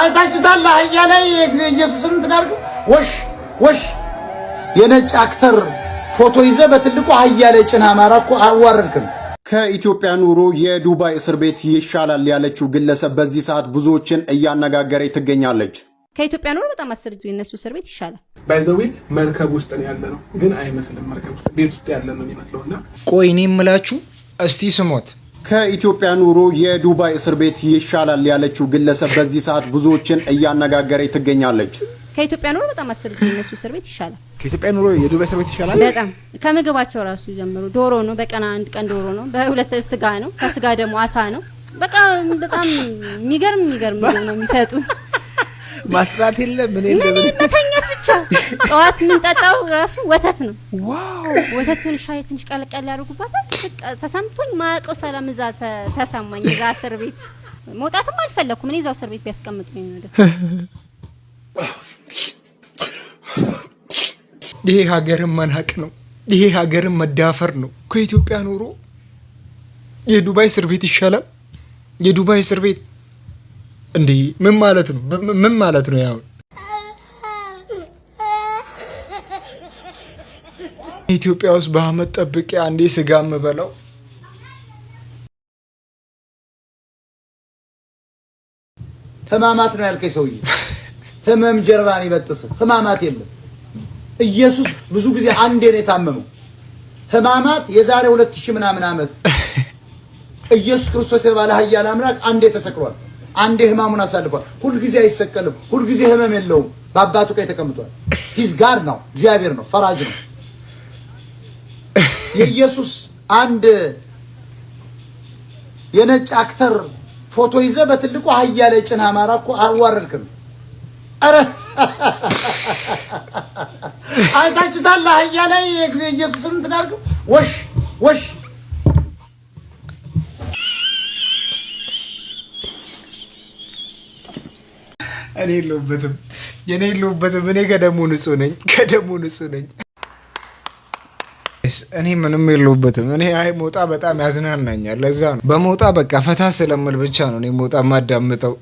አይታችሁታል። አህያ ላይ ኢየሱስን እንትን አድርገው ወሽ ወሽ የነጭ አክተር ፎቶ ይዘ በትልቁ አህያ ላይ ጭና አማራ እኮ አዋረድክም። ከኢትዮጵያ ኑሮ የዱባይ እስር ቤት ይሻላል ያለችው ግለሰብ በዚህ ሰዓት ብዙዎችን እያነጋገረ ትገኛለች። ከኢትዮጵያ ኑሮ በጣም አስርጁ የነሱ እስር ቤት ይሻላል። ባይ ባይዘዌ መርከብ ውስጥ ነው ያለ ነው፣ ግን አይመስልም። መርከብ ውስጥ ቤት ውስጥ ያለ ነው የሚመስለውና ቆይ እኔ የምላችሁ እስቲ ስሞት ከኢትዮጵያ ኑሮ የዱባይ እስር ቤት ይሻላል ያለችው ግለሰብ በዚህ ሰዓት ብዙዎችን እያነጋገረ ትገኛለች። ከኢትዮጵያ ኑሮ በጣም አሰልቺ የነሱ እስር ቤት ይሻላል። ከኢትዮጵያ ኑሮ የዱባይ እስር ቤት ይሻላል። በጣም ከምግባቸው ራሱ ጀምሮ ዶሮ ነው፣ በቀን አንድ ቀን ዶሮ ነው፣ በሁለት ስጋ ነው፣ ከስጋ ደግሞ አሳ ነው። በቃ በጣም የሚገርም የሚገርም ነው የሚሰጡ ማስራት የለም ምን የለም መተኛት ብቻ። ጠዋት የምንጠጣው ራሱ ወተት ነው። ዋው ወተት ትንሽ ሻይ ትንሽ ቀልቀል ያደርጉባታል። ተሰምቶኝ ማያውቀው ሰላም እዛ ተሰማኝ። እዛ እስር ቤት መውጣትም አልፈለኩም። እኔ እዛው እስር ቤት ቢያስቀምጡኝ ነው ይሄ ሀገርን መናቅ ነው። ይሄ ሀገርን መዳፈር ነው። ከኢትዮጵያ ኑሮ የዱባይ እስር ቤት ይሻላል። የዱባይ እስር ቤት እንዲህ ምን ማለት ነው? ምን ማለት ነው? ያው ኢትዮጵያ ውስጥ በአመት ጠብቄ አንዴ ስጋ የምበላው ህማማት ነው ያልከኝ ሰውዬ፣ ህመም ጀርባን ይበጥስም። ህማማት የለም። ኢየሱስ ብዙ ጊዜ አንዴ ነው የታመመው። ህማማት የዛሬ ሁለት ሺህ ምናምን ዓመት ኢየሱስ ክርስቶስ የተባለ ኃያል አምላክ አንዴ ተሰቅሏል። አንዴ ህማሙን አሳልፏል። ሁልጊዜ አይሰቀልም። ሁልጊዜ ህመም የለውም። በአባቱ ቀኝ ተቀምጧል። ሂዝ ጋር ነው። እግዚአብሔር ነው፣ ፈራጅ ነው። የኢየሱስ አንድ የነጭ አክተር ፎቶ ይዘ በትልቁ አህያ ላይ ጭን አማራ እኮ አዋረድክም። ኧረ አይታችሁታል። አህያ ላይ ኢየሱስን እንትን አድርገው ወሽ ወሽ እኔ የለሁበትም፣ የኔ የለሁበትም። እኔ ከደሙ ንጹህ ነኝ፣ ከደሙ ንጹህ ነኝ። እኔ ምንም የለሁበትም። እኔ አይ ሞጣ በጣም ያዝናናኛል። ለዛ ነው በሞጣ በቃ ፈታ ስለምል ብቻ ነው እኔ ሞጣ ማዳምጠው።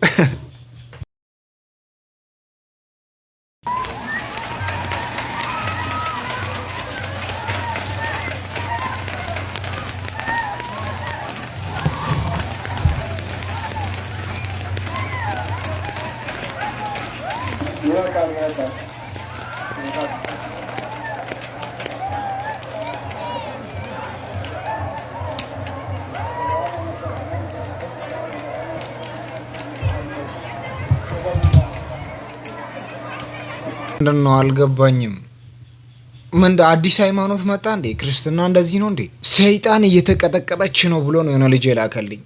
ምንድን ነው አልገባኝም። ምን አዲስ ሃይማኖት መጣ እንዴ? ክርስትና እንደዚህ ነው እንዴ? ሰይጣን እየተቀጠቀጠች ነው ብሎ ነው የሆነ ልጅ የላከልኝ።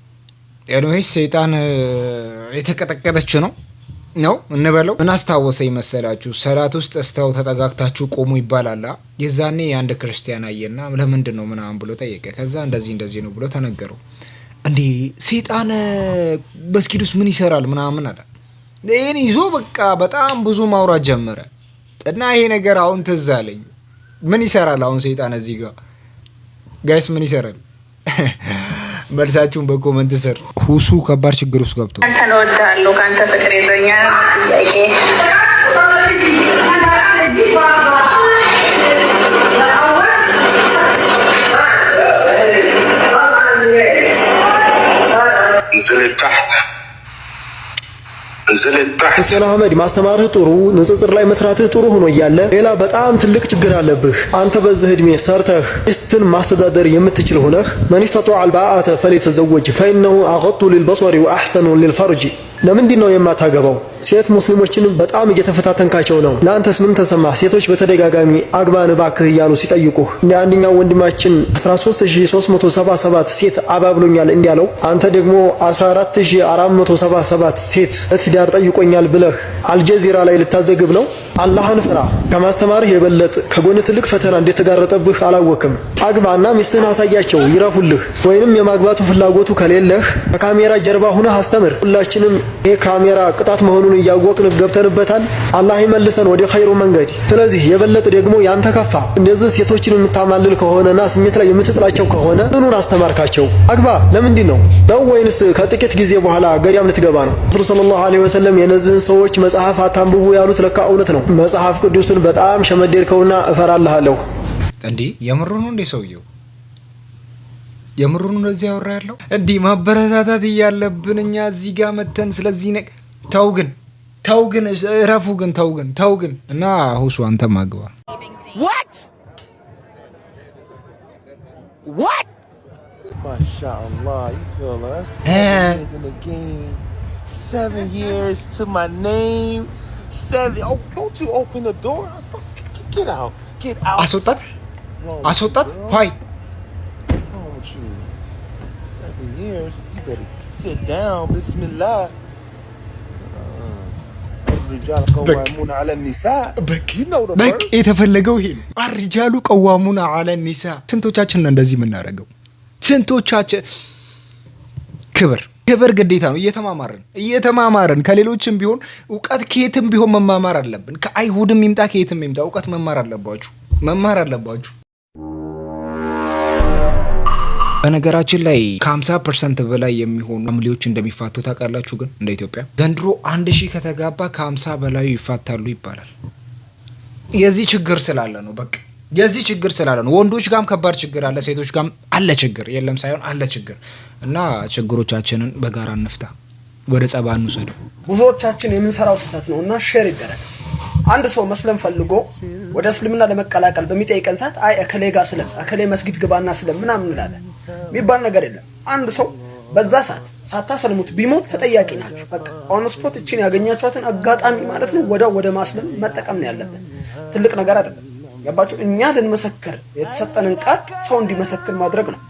ኤኒዌይስ ሰይጣን የተቀጠቀጠች ነው ነው እንበለው። ምን አስታወሰኝ መሰላችሁ? ሰላት ውስጥ እስተው ተጠጋግታችሁ ቆሙ ይባላላ። የዛኔ የአንድ ክርስቲያን አየና ለምንድን ነው ምናምን ብሎ ጠየቀ። ከዛ እንደዚህ እንደዚህ ነው ብሎ ተነገረው። እንዴ ሰይጣን በስኪድ ውስጥ ምን ይሰራል ምናምን አለ። ይህን ይዞ በቃ በጣም ብዙ ማውራት ጀመረ። እና ይሄ ነገር አሁን ትዝ አለኝ። ምን ይሰራል አሁን ሰይጣን እዚህ ጋር ጋይስ ምን ይሰራል? መልሳችሁን በኮመንት ስር። ሁሱ ከባድ ችግር ውስጥ ገብቶ አንተን እወድሃለሁ ከአንተ ፍቅር ይዞኛል ጥያቄ نزلت ሁሴን አህመድ ማስተማርህ ጥሩ፣ ንጽጽር ላይ መስራትህ ጥሩ ሆኖ እያለ ሌላ በጣም ትልቅ ችግር አለብህ። አንተ በዚህ እድሜ ሰርተህ ሚስትን ማስተዳደር የምትችል ሆነህ መን ስተጣዐ አልባአተ ፈሊተዘወጅ ፈኢነሁ አገጡ ሊልበሰሪ ወአሕሰኑ ሊልፈርጅ ለምንድን ነው የማታገባው? ሴት ሙስሊሞችንም በጣም እየተፈታተንካቸው ነው። ለአንተስ ምን ተሰማ ሴቶች በተደጋጋሚ አግባን እባክህ እያሉ ሲጠይቁህ እንደ አንደኛው ወንድማችን 13377 ሴት አባብሎኛል እንዲያለው አንተ ደግሞ 14477 ሴት እትዳር ጠይቆኛል ብለህ አልጀዚራ ላይ ልታዘግብ ነው። አላህን ፍራ። ከማስተማርህ የበለጠ ከጎን ትልቅ ፈተና እንደተጋረጠብህ አላወቅም። አግባና ሚስትህን አሳያቸው፣ ይረፉልህ። ወይንም የማግባቱ ፍላጎቱ ከሌለህ ከካሜራ ጀርባ ሁነህ አስተምር። ሁላችንም ይሄ ካሜራ ቅጣት መሆኑ መሆኑን እያወቅን ገብተንበታል። አላህ ይመልሰን ወደ ኸይሩ መንገድ። ስለዚህ የበለጠ ደግሞ ያንተ ከፋ። እንደዚህ ሴቶችን የምታማልል ከሆነና ስሜት ላይ የምትጥላቸው ከሆነ ምኑን አስተማርካቸው? አግባ። ለምንድን ነው ነው ወይንስ ከጥቂት ጊዜ በኋላ ገዳም ልትገባ ነው? ረሱል ሰለላሁ ዐለይሂ ወሰለም የነዚህን ሰዎች መጽሐፍ አታንብቡ ያሉት ለካ እውነት ነው። መጽሐፍ ቅዱስን በጣም ሸመደድከውና እፈራልሃለሁ። እንዴ የምሩኑ እንዴ ሰውየው የምሩኑ እንደዚህ ያወራ ያለው እንዲህ ማበረታታት እያለብን እኛ እዚህ ጋር መተን ስለዚህ ነቅ ተው ግን ተው ግን እረፉ ግን ተው ግን ተው ግን እና ሁሱ አንተም አግባ። አስወጣት አስወጣት ይ Seven years, you better sit down. Bismillah. በቃ የተፈለገው ይሄ ነው። አርጃሉ ቀዋሙን አለ ኒሳ። ስንቶቻችን ነው እንደዚህ የምናደርገው? ስንቶቻችን ክብር ክብር ግዴታ ነው። እየተማማርን እየተማማርን ከሌሎችም ቢሆን እውቀት ከየትም ቢሆን መማማር አለብን። ከአይሁድም ይምጣ ከየትም ይምጣ እውቀት መማር አለባችሁ መማር አለባችሁ። በነገራችን ላይ ከ50 ፐርሰንት በላይ የሚሆኑ ፋሚሊዎች እንደሚፋቱ ታውቃላችሁ። ግን እንደ ኢትዮጵያ ዘንድሮ አንድ ሺህ ከተጋባ ከ50 በላዩ ይፋታሉ ይባላል። የዚህ ችግር ስላለ ነው በቃ የዚህ ችግር ስላለ ነው። ወንዶች ጋም ከባድ ችግር አለ፣ ሴቶች ጋም አለ ችግር። የለም ሳይሆን አለ ችግር እና ችግሮቻችንን በጋራ እንፍታ፣ ወደ ጸባ እንውሰደው። ብዙዎቻችን የምንሰራው ስህተት ነው እና ሼር ይደረግ። አንድ ሰው መስለም ፈልጎ ወደ እስልምና ለመቀላቀል በሚጠይቀን ሰዓት አይ እከሌ ጋ ስለም፣ እከሌ መስጊድ ግባና ስለም ምናምን እንላለን። የሚባል ነገር የለም። አንድ ሰው በዛ ሰዓት ሳታሰልሙት ቢሞት ተጠያቂ ናቸው። በቃ ኦን ስፖት እችን ያገኛችኋትን አጋጣሚ ማለት ነው ወዲያው ወደ ማስለም መጠቀም ነው ያለብን። ትልቅ ነገር አይደለም። ገባችሁ? እኛ ልንመሰክር የተሰጠንን ቃል ሰው እንዲመሰክር ማድረግ ነው።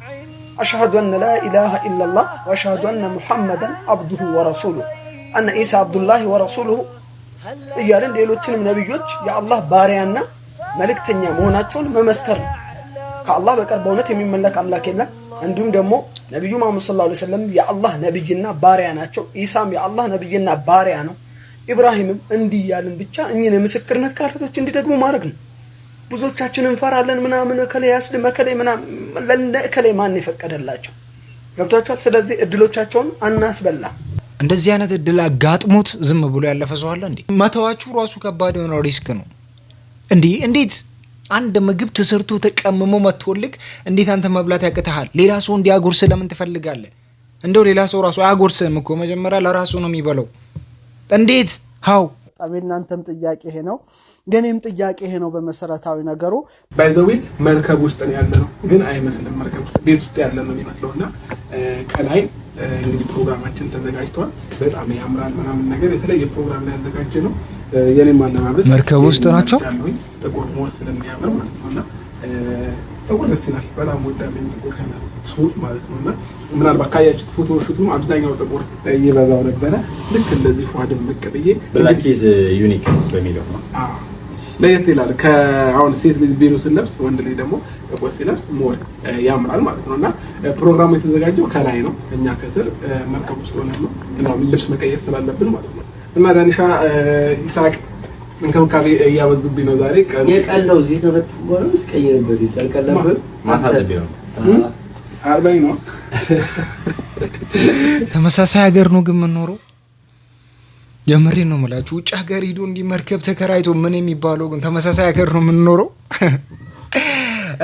አሽሃዱ አን ላ ኢላሃ ኢላላህ ወአሽሃዱ አነ ሙሐመደን አብዱሁ ወረሱሉሁ አነ ኢሳ አብዱላሂ ወረሱሉሁ እያልን ሌሎችንም ነቢዮች የአላህ ባሪያና መልእክተኛ መሆናቸውን መመስከር ነው። ከአላህ በቀር በእውነት የሚመለክ አምላክ የለም። እንዲሁም ደግሞ ነቢዩ መሐመድ ሰለላሁ ዐለይሂ ወሰለም የአላህ ነብይና ባሪያ ናቸው። ኢሳም የአላህ ነብይና ባሪያ ነው። ኢብራሂምም እንዲህ እያልን ብቻ እኚህን የምስክርነት ካርዶች እንዲደግሙ ማድረግ ነው። ብዙዎቻችን እንፈራለን ምናምን እከሌ ያስልም እከሌ ምናምን እከሌ ማን የፈቀደላቸው ገብቷቸዋል። ስለዚህ እድሎቻቸውን አናስበላ። እንደዚህ አይነት እድል አጋጥሞት ዝም ብሎ ያለፈ ሰው አለ እንዴ? መተዋችሁ ራሱ ከባድ የሆነ ሪስክ ነው እንዲህ እንዴት አንድ ምግብ ተሰርቶ ተቀምሞ መጥቶልክ እንዴት አንተ መብላት ያቅተሃል? ሌላ ሰው እንዲያጎርስ ለምን ትፈልጋለህ? እንደው ሌላ ሰው ራሱ አያጎርስም እኮ መጀመሪያ ለራሱ ነው የሚበለው። እንዴት ሀው እናንተም ጥያቄ ይሄ ነው፣ የእኔም ጥያቄ ይሄ ነው። በመሰረታዊ ነገሩ ባይዘዊል መርከብ ውስጥ ነው ያለ ነው ግን አይመስልም። መርከብ ውስጥ ቤት ውስጥ ያለ ነው የሚመስለው እና ከላይ እንግዲህ ፕሮግራማችን ተዘጋጅተዋል። በጣም ያምራል ምናምን ነገር የተለየ ፕሮግራም ላይ ያዘጋጀ ነው የኔ መርከብ ውስጥ ናቸው። ጥቁር መሆን ስለሚያምር ማለት ነው ጥቁር ደስ ይላል። በጣም ወዳለኝ ጥቁር ከለር ማለት ነው ምናልባት ካያችሁት ፎቶ አብዛኛው ጥቁር እየበዛው ነበረ። ልክ እንደዚህ ፏ ድምቅ ብዬ ብላክ ኢዝ ዩኒክ በሚለው ነው ለየት ይላል። ከአሁን ሴት ልጅ ቢሉ ስንለብስ ወንድ ልጅ ደግሞ ጥቁር ሲለብስ ሞር ያምራል ማለት ነው ፕሮግራሙ የተዘጋጀው ከላይ ነው፣ እኛ ከስር መርከብ ውስጥ ሆነ ነው ልብስ መቀየር ስላለብን ማለት ነው እና ዳንሻ ይስሐቅ እንክብካቤ እያበዙብኝ ነው። ዛሬ የቀለው እዚህ ነው ቀይ ነበር ያልቀለብህ አርባኝ ነው። ተመሳሳይ ሀገር ነው ግን የምንኖረው። የምሬ ነው የምላችሁ ውጭ ሀገር ሂዶ እንዲህ መርከብ ተከራይቶ ምን የሚባለው ግን ተመሳሳይ ሀገር ነው የምንኖረው።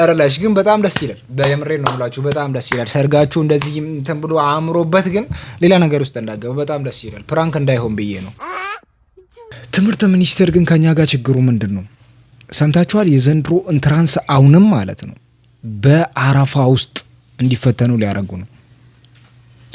ረላሽ ግን በጣም ደስ ይላል። በየምሬ ነው ምላችሁ፣ በጣም ደስ ይላል። ሰርጋችሁ እንደዚህ እንትን ብሎ አእምሮበት ግን ሌላ ነገር ውስጥ እንዳገበ በጣም ደስ ይላል። ፕራንክ እንዳይሆን ብዬ ነው። ትምህርት ሚኒስቴር ግን ከኛ ጋር ችግሩ ምንድን ነው? ሰምታችኋል። የዘንድሮ ኢንትራንስ አሁንም ማለት ነው በአረፋ ውስጥ እንዲፈተኑ ሊያደርጉ ነው።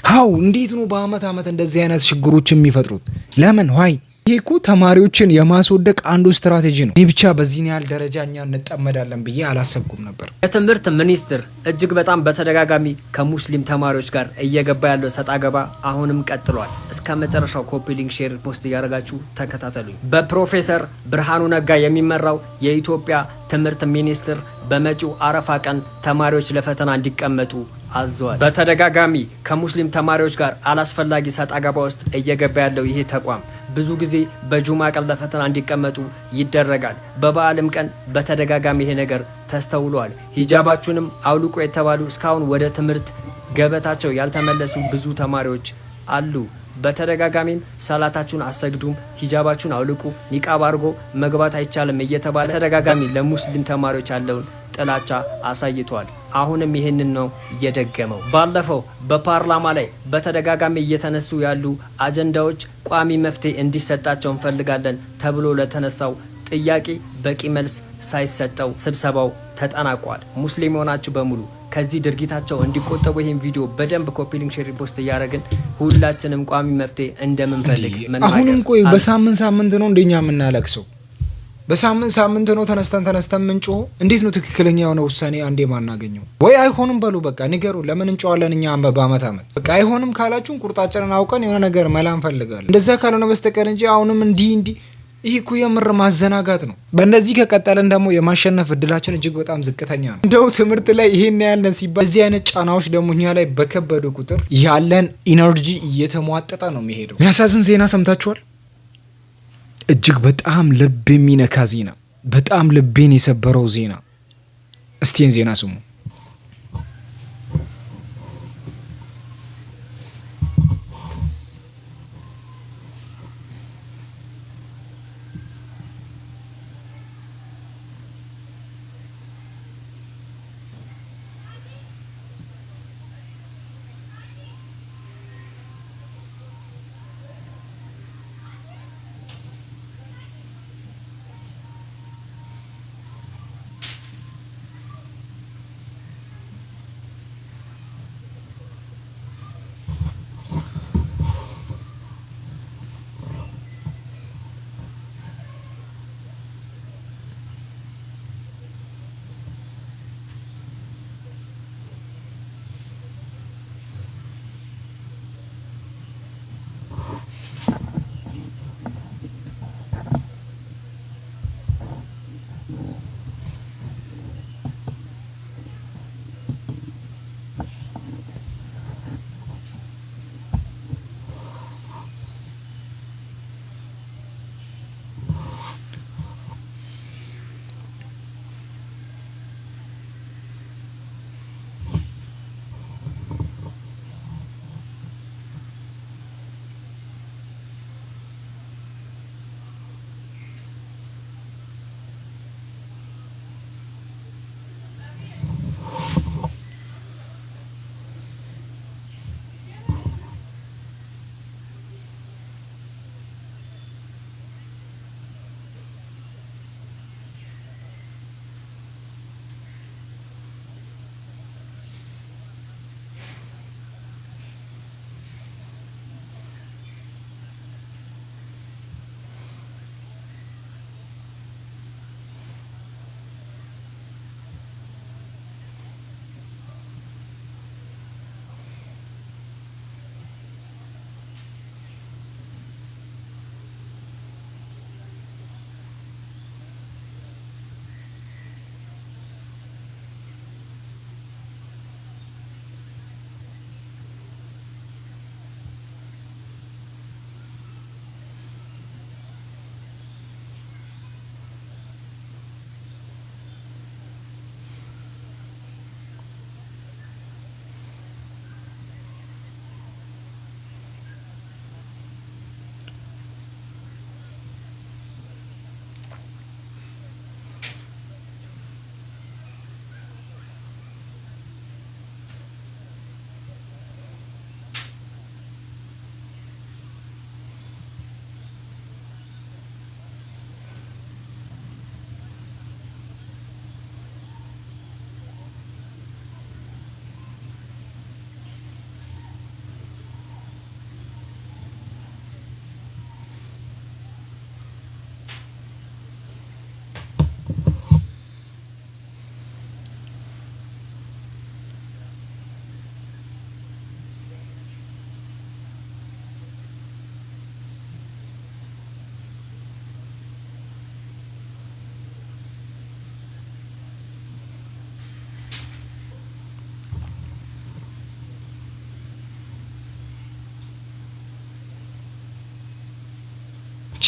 ሀው እንዴት ነው በአመት አመት እንደዚህ አይነት ችግሮች የሚፈጥሩት? ለምን ዋይ ይሄ እኮ ተማሪዎችን የማስወደቅ አንዱ ስትራቴጂ ነው። እኔ ብቻ በዚህን ያህል ደረጃ እኛ እንጠመዳለን ብዬ አላሰብኩም ነበር። የትምህርት ሚኒስትር እጅግ በጣም በተደጋጋሚ ከሙስሊም ተማሪዎች ጋር እየገባ ያለው ሰጣ ገባ አሁንም ቀጥሏል። እስከ መጨረሻው ኮፒሊንግ ሼር ፖስት እያደረጋችሁ ተከታተሉኝ። በፕሮፌሰር ብርሃኑ ነጋ የሚመራው የኢትዮጵያ ትምህርት ሚኒስትር በመጪው አረፋ ቀን ተማሪዎች ለፈተና እንዲቀመጡ አዟል። በተደጋጋሚ ከሙስሊም ተማሪዎች ጋር አላስፈላጊ ሰጣ ገባ ውስጥ እየገባ ያለው ይሄ ተቋም ብዙ ጊዜ በጁማ ቀን ለፈተና እንዲቀመጡ ይደረጋል። በበዓልም ቀን በተደጋጋሚ ይሄ ነገር ተስተውሏል። ሂጃባችሁንም አውልቆ የተባሉ እስካሁን ወደ ትምህርት ገበታቸው ያልተመለሱ ብዙ ተማሪዎች አሉ። በተደጋጋሚም ሰላታችሁን አሰግዱም፣ ሂጃባችሁን አውልቁ፣ ኒቃብ አድርጎ መግባት አይቻልም እየተባለ ተደጋጋሚ ለሙስሊም ተማሪዎች ያለውን ጥላቻ አሳይቷል። አሁንም ይህንን ነው እየደገመው። ባለፈው በፓርላማ ላይ በተደጋጋሚ እየተነሱ ያሉ አጀንዳዎች ቋሚ መፍትሄ እንዲሰጣቸው እንፈልጋለን ተብሎ ለተነሳው ጥያቄ በቂ መልስ ሳይሰጠው ስብሰባው ተጠናቋል። ሙስሊም የሆናችሁ በሙሉ ከዚህ ድርጊታቸው እንዲቆጠቡ ይህን ቪዲዮ በደንብ ኮፒሊንግ ሼር ፖስት እያደረግን ሁላችንም ቋሚ መፍትሄ እንደምንፈልግ አሁንም ቆይ በሳምንት ሳምንት ነው እንደኛ የምናለቅሰው በሳምንት ሳምንት ነው ተነስተን ተነስተን ምንጮ። እንዴት ነው ትክክለኛ የሆነ ውሳኔ አንዴ ማናገኘው? ወይ አይሆንም በሉ በቃ ንገሩ። ለምን እንጨዋለን እኛ በአመት አመት። በቃ አይሆንም ካላችሁን ቁርጣችንን አውቀን የሆነ ነገር መላ እንፈልጋለን። እንደዛ ካልሆነ በስተቀር እንጂ አሁንም እንዲህ እንዲህ ይህ እኮ የምር ማዘናጋት ነው። በእንደዚህ ከቀጠለን ደግሞ የማሸነፍ እድላችን እጅግ በጣም ዝቅተኛ ነው። እንደው ትምህርት ላይ ይሄን ያለን ሲባል እዚህ አይነት ጫናዎች ደግሞ እኛ ላይ በከበዱ ቁጥር ያለን ኢነርጂ እየተሟጠጠ ነው የሚሄደው። የሚያሳዝን ዜና ሰምታችኋል። እጅግ በጣም ልብ የሚነካ ዜና፣ በጣም ልቤን የሰበረው ዜና። እስቲን ዜና ስሙ።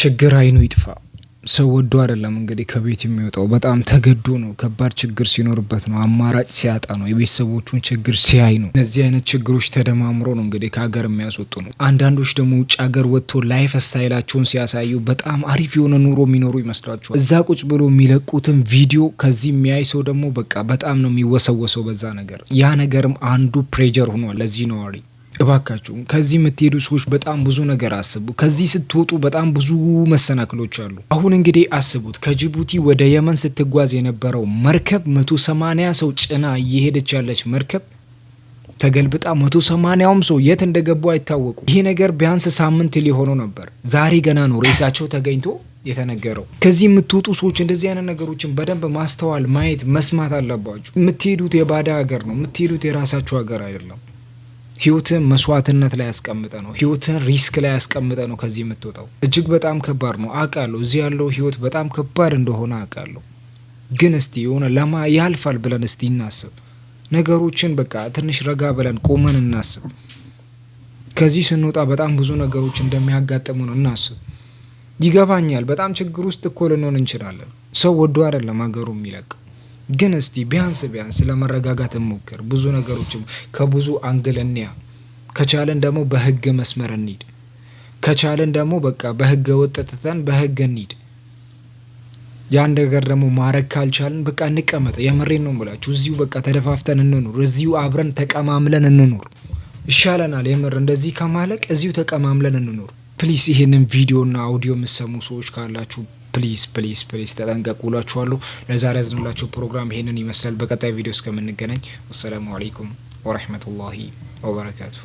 ችግር አይኑ ይጥፋ። ሰው ወዶ አይደለም እንግዲህ ከቤት የሚወጣው በጣም ተገዶ ነው። ከባድ ችግር ሲኖርበት ነው፣ አማራጭ ሲያጣ ነው፣ የቤተሰቦቹን ችግር ሲያይ ነው። እነዚህ አይነት ችግሮች ተደማምሮ ነው እንግዲህ ከሀገር የሚያስወጡ ነው። አንዳንዶች ደግሞ ውጭ ሀገር ወጥቶ ላይፍ ስታይላቸውን ሲያሳዩ በጣም አሪፍ የሆነ ኑሮ የሚኖሩ ይመስሏቸዋል። እዛ ቁጭ ብሎ የሚለቁትን ቪዲዮ ከዚህ የሚያይ ሰው ደግሞ በቃ በጣም ነው የሚወሰወሰው በዛ ነገር። ያ ነገርም አንዱ ፕሬጀር ሆኗል ለዚህ ነዋሪ እባካችሁ ከዚህ የምትሄዱ ሰዎች በጣም ብዙ ነገር አስቡ። ከዚህ ስትወጡ በጣም ብዙ መሰናክሎች አሉ። አሁን እንግዲህ አስቡት ከጅቡቲ ወደ የመን ስትጓዝ የነበረው መርከብ መቶ ሰማንያ ሰው ጭና እየሄደች ያለች መርከብ ተገልብጣ መቶ ሰማንያውም ሰው የት እንደገቡ አይታወቁ። ይሄ ነገር ቢያንስ ሳምንት ሊሆነው ነበር። ዛሬ ገና ነው ሬሳቸው ተገኝቶ የተነገረው። ከዚህ የምትወጡ ሰዎች እንደዚህ አይነት ነገሮችን በደንብ ማስተዋል፣ ማየት፣ መስማት አለባችሁ። የምትሄዱት የባዳ ሀገር ነው። የምትሄዱት የራሳችሁ ሀገር አይደለም። ህይወትህን መስዋዕትነት ላይ ያስቀምጠ ነው። ህይወትህን ሪስክ ላይ ያስቀምጠ ነው ከዚህ የምትወጣው። እጅግ በጣም ከባድ ነው አውቃለሁ። እዚህ ያለው ህይወት በጣም ከባድ እንደሆነ አውቃለሁ። ግን እስቲ የሆነ ለማ ያልፋል ብለን እስቲ እናስብ። ነገሮችን በቃ ትንሽ ረጋ ብለን ቆመን እናስብ። ከዚህ ስንወጣ በጣም ብዙ ነገሮች ነው እናስብ። ይገባኛል። በጣም ችግር ውስጥ እኮ ልንሆን እንችላለን። ሰው ወዶ አይደለም ሀገሩ የሚለቅ ግን እስቲ ቢያንስ ቢያንስ ለመረጋጋት እንሞክር። ብዙ ነገሮችም ከብዙ አንግል እንያ። ከቻለን ደግሞ በህግ መስመር እንሂድ። ከቻለን ደግሞ በቃ በህገ ወጥ በህግ እንሂድ። ያን ነገር ደግሞ ማድረግ ካልቻለን በቃ እንቀመጥ። የምሬን ነው ምላችሁ። እዚሁ በቃ ተደፋፍተን እንኑር። እዚሁ አብረን ተቀማምለን እንኑር። ይሻለናል። የምር እንደዚህ ከማለቅ እዚሁ ተቀማምለን እንኑር። ፕሊስ ይህንን ቪዲዮና አውዲዮ የምሰሙ ሰዎች ካላችሁ ፕሊዝ ፕሊዝ ፕሊዝ ተጠንቀቁ። ውላችኋለሁ። ለዛሬ ያዝንላቸው ፕሮግራም ይሄንን ይመስላል። በቀጣይ ቪዲዮ እስከምንገናኝ ወሰላሙ አሌይኩም ወረህመቱላሂ ወበረካቱ።